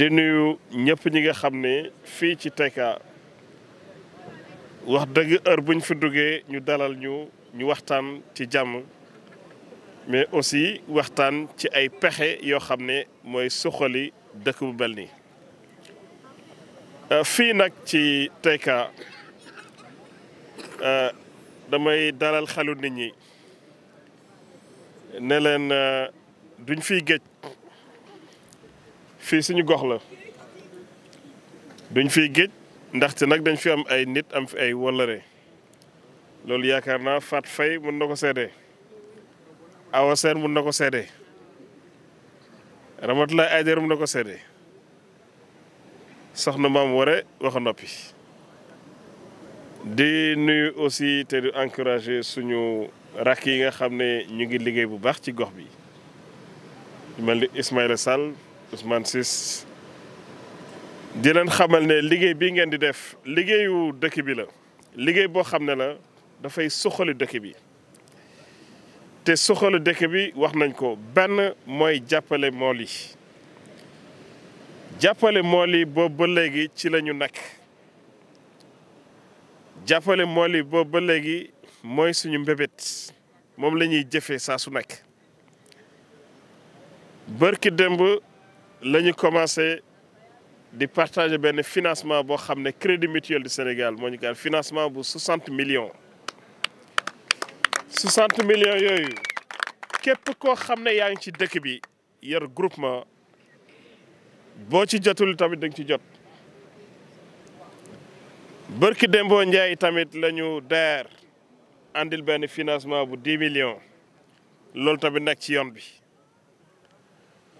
di nuyu ñëpp ñi nga xam ne fii ci Teka wax dëgg heure buñ fi duggee ñu dalal ñu ñu waxtaan ci jàmm mais aussi waxtaan ci ay pexe yoo xam ne mooy suqali dëkk bu mel nii. Euh, fii nag ci Teka euh, damay dalal xelu nit ñi ne leen euh, duñ fi géej. fii suñu gox la duñ fiy géej ndaxte nag dañ fi am ay nit am fi ay wallare loolu yaakaar naa Fat Faye mën na ko seede Awa Seen na ko seede Ramatulaay Aydar mën na ko seede soxna maam ware waxa noppi di nuyu aussi te di encourager suñu rakk yi nga xam ne ñu ngi liggéey bu baax ci gox bi mel ni Ousmane Ciss di leen xamal ne liggéey bi ngeen di def liggéeyu dëkk bi la liggéey boo xam ne la dafay soxali dëkk bi te soxali dëkk bi wax nañ ko benn mooy jàppale mool yi jàppale boobu ba léegi ci la ñu jàppale mool yi boobu ba léegi mooy suñu mbébét moom lañuy jëfe jëfee saa su nekk bërki démb lañu commencé di partager ben financement du xamné crédit mutuel du Sénégal moñu gal financement bu 60 millions 60 millions yoyu. képp koo xam yaa ngi ci dëkk bi yor groupement bo ci jotul tamit da nga ci jot barki Dembo ndjay tamit lañu Nous DER andil ben financement bu 10 millions L'ol tamit nekk ci yoon bi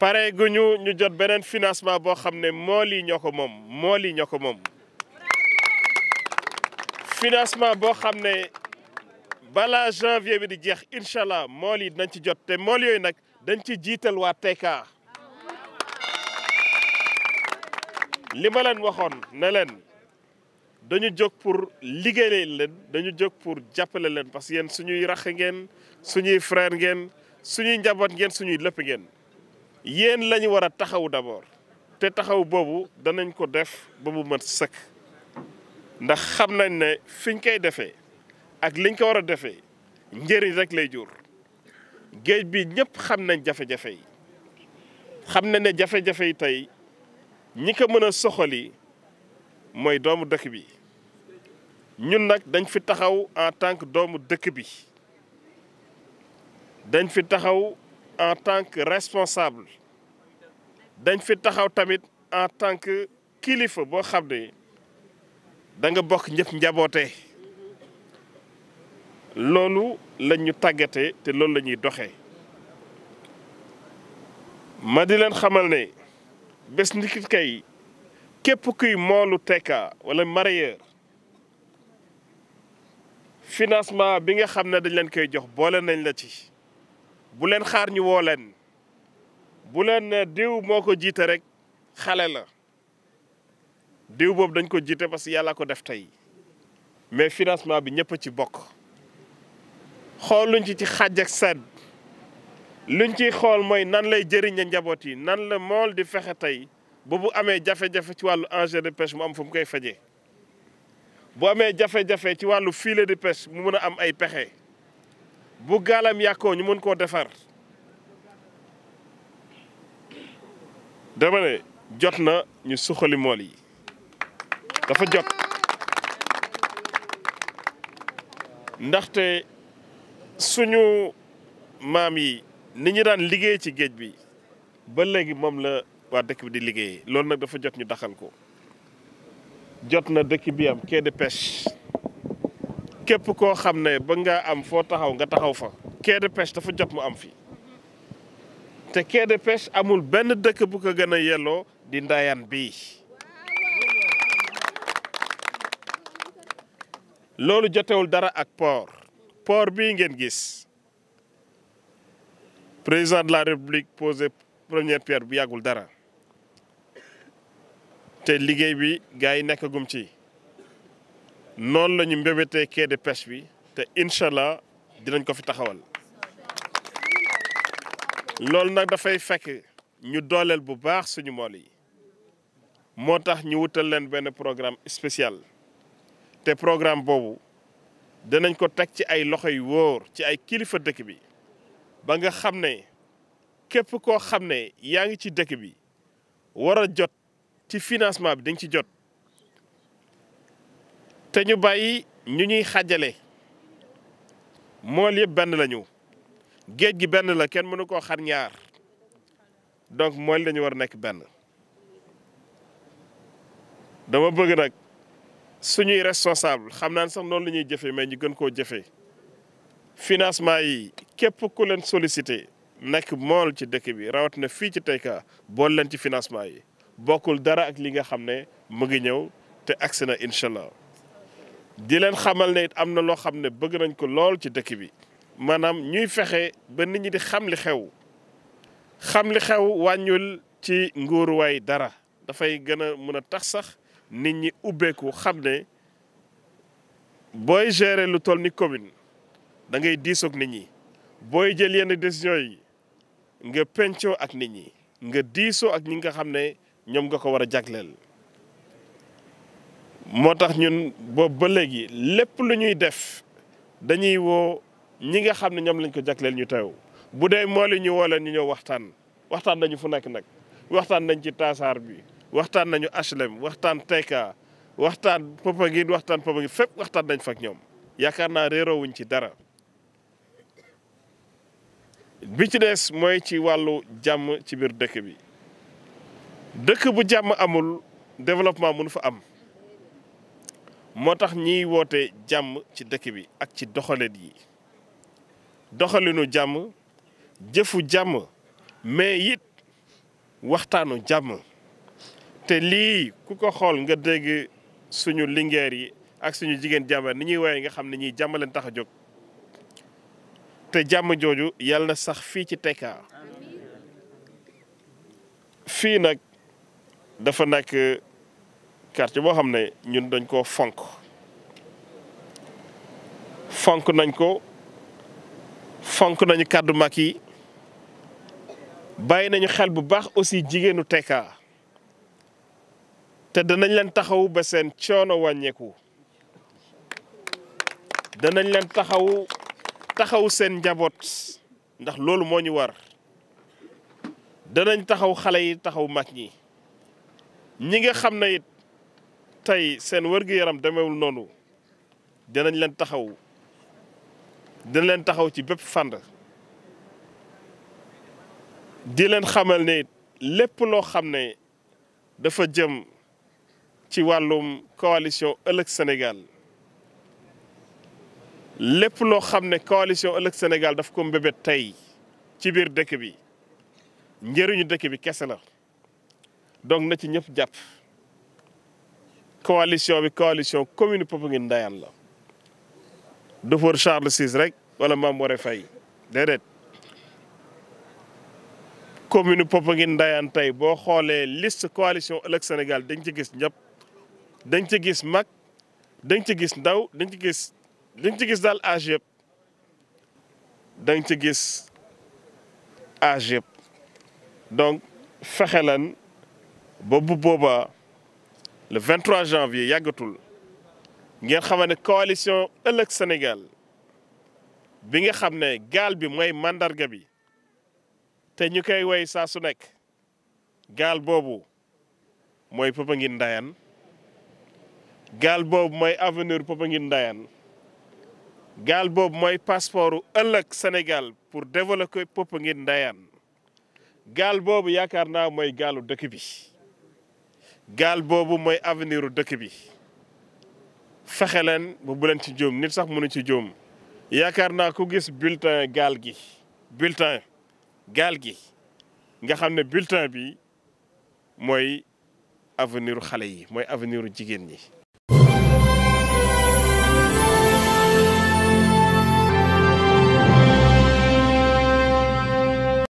pare gu ñu ñu jot beneen financement boo xam ne mool yi ñoo ko moom mool yi ñoo ko moom financement boo xam ne balaa janvier bi di jeex incha allah mool yi dinañ ci jot te mool yooyu nag dañ ci jiital waa Teka li ma leen waxoon ne leen dañu jóg pour liggéey leen dañu jóg pour jàppale leen parce yéen suñuy rax ngeen suñuy frère ngeen suñuy njaboot ngeen suñuy lépp ngeen yéen lañu ñu war a taxaw d'abord te taxaw boobu danañ ko def ba mu mën sëkk ndax xam nañ ne fiñ koy defee ak liñ ko war a defee njëriñ rek lay jur géej bi ñëpp xam nañ jafe-jafe yi xam na ne jafe-jafe yi tey ñi ko mën a soxali mooy doomu dëkk bi ñun nag dañ fi taxaw en tant doomu dëkk bi dañ fi taxaw en tant que responsable dañ fi taxaw tamit en tant que kilifa boo xam ne da nga bokk ñëpp njaboote loolu lañ ñu tàggate te loolu la ñuy doxee ma di leen xamal ne bés ndikit kay képp kuy moolu Tekka wala mareyeur financement bi nga xam ne dañ leen koy jox boole nañ la ci bu leen xaar ñu woo leen bu leen ne diw moo ko jiite rek xale la diw boobu dañ ko jiite parce que yàlla ko def tey mais financement bi ñëpp ci bokk xool xooluñ ci ci xàjj ak sedd luñ ciy xool mooy nan lay jëriñe njaboot yi nan la mool di fexe tey ba bu amee jafe-jafe ci wàllu engrais de pêche mu am fu mu koy fajee bu amee jafe-jafe ci wàllu filet de pêche mu mën a am ay pexe bu gaalam yàkkoo ñu mën koo defar dama jot na ñu suxali mool yi dafa jot ndaxte suñu maam yi ni ñu daan liggéey ci géej bi ba léegi moom la waa dëkk bi di liggéeyee loolu nag dafa jot ñu daxal ko jot na dëkk bi am quai de képp koo xam ne ba ngaa am foo taxaw nga taxaw fa quai de dafa jot mu am fi te quai de pêche amul benn dëkk bu ko gën a yelloo di Ndayane bi loolu jotewul dara ak port port bii ngeen gis président de la république posé première pierre bu yàggul dara te liggéey bi gars yi nekkagum ci noonu lañu ñu mbébétee quai pêche bi te incha allah dinañ ko fi taxawal. loolu nag dafay fekk ñu dooleel bu baax suñu mool yi moo tax ñu wutal leen benn programme spécial te programme boobu danañ ko teg ci ay loxo yu wóor ci ay kilifa dëkk bi ba nga xam ne képp koo xam ne yaa ngi ci dëkk bi wara jot ci financement bi dañ ci jot te ñu bàyyi ñu ñuy xàjjale mool yëpp benn lañu géej gi benn la kenn mënu koo xarñaar donc mooy dañu war nekk benn dama bëgg nag suñuy responsable xam naa sax noonu la ñuy jëfee mais ñu gën koo jëfee financement yi képp ku leen sollicité nekk mool ci dëkk bi rawatina fii ci Tayka bool leen ci financement yi bokkul dara ak li nga xam ne mu ngi ñëw te agsi na incha allah di leen xamal ne it am na loo xam ne bëgg nañ ko lool ci dëkk bi. maanaam ñuy fexe ba nit ñi di xam li xew xam li xew wàññul ci ngóoruwaay dara dafay gën a mën a tax sax nit ñi ubbeeku xam ne booy gérer lu toll ni commune da ngay diisoog nit ñi booy jël yenn décision yi nga pencoo ak nit ñi nga diisoo ak ñi nga xam ne ñoom nga ko war a jagleel moo tax ñun boobu ba léegi lépp lu ñuy def dañuy woo ñi nga xam ne ñoom lañ ko jagleel ñu teew bu dee mool yi ñu woo leen ñu ñëw waxtaan waxtaan nañu fu nakk nag waxtaan nañ ci taasaar bi waxtaan nañu HLM waxtaan Teka waxtaan Popenguine waxtaan Popenguine fépp waxtaan nañ fa ñoom yaakaar naa réeroowuñ ci dara. bi ci des mooy ci wàllu jàmm ci biir dëkk bi dëkk bu jàmm amul développement mënu fa am moo tax ñiy woote jàmm ci dëkk bi ak ci doxaleen yi. doxalinu jàmm jëfu jàmm mais it waxtaanu jàmm te lii ku ko xool nga dégg suñu lingeer yi ak suñu jigéen jàmbar ni ñuy woowee nga xam ne ñiy jàmm leen tax a jóg te jàmm jooju yàlla na sax fii ci Tekka fii nag dafa nekk quartier boo xam ne ñun dañ koo fonk fonk nañ ko fonk nañu kàddu mag yi bàyyi nañu xel bu baax aussi jigéenu Tekka te danañ leen taxawu ba seen coono wàññeeku danañ leen taxawu taxaw seen njaboot ndax loolu moo ñu war danañ taxaw xale yi taxaw mag ñi ñi nga xam ne it tey seen wërgu yaram demewul noonu danañ leen taxawu dina leen taxaw ci bépp fànn di leen xamal ne lépp loo xam ne dafa jëm ci wàllum coalition ëllëg Sénégal lépp loo xam ne coalition ëllëg Sénégal daf ko mbébét tey ci biir dëkk bi njëriñu dëkk bi kese la donc na ci ñëpp jàpp coalition bi coalition commune Popenguine Ndayane la du for Charles VI rek wala Mame Waré Faye déedéet commune Popenguine ndayan tay bo xolé liste coalition ëllëg Sénégal dañ ci gis ñep dañ ci gis mak dañ ci gis ndaw dañ ci gis dañ ci gis dal agep yëpp dañ ci gis agep donc fexe lan ba bu boobaa le 23 janvier yagatul ngeen xam ne coalition ëllëg Sénégal bi nga xam ne gaal bi mooy màndarga bi te ñu koy woy saa su nekk gaal boobu mooy Popenguine Ndayane gaal boobu mooy avenir Popenguine Ndayane gaal boobu mooy passeportu ëllëg Sénégal pour développer Popenguine ndayaan gaal boobu yaakaar naa mooy gaalu dëkk bi gaal boobu mooy aveniru dëkk bi fexe leen ba bu leen ci jóom nit sax mënu ci jóom yaakaar naa ku gis bulletin gaal gi bulletin gaal gi nga xam ne bulletin bi mooy avenir xale yi mooy avenir jigéen ñi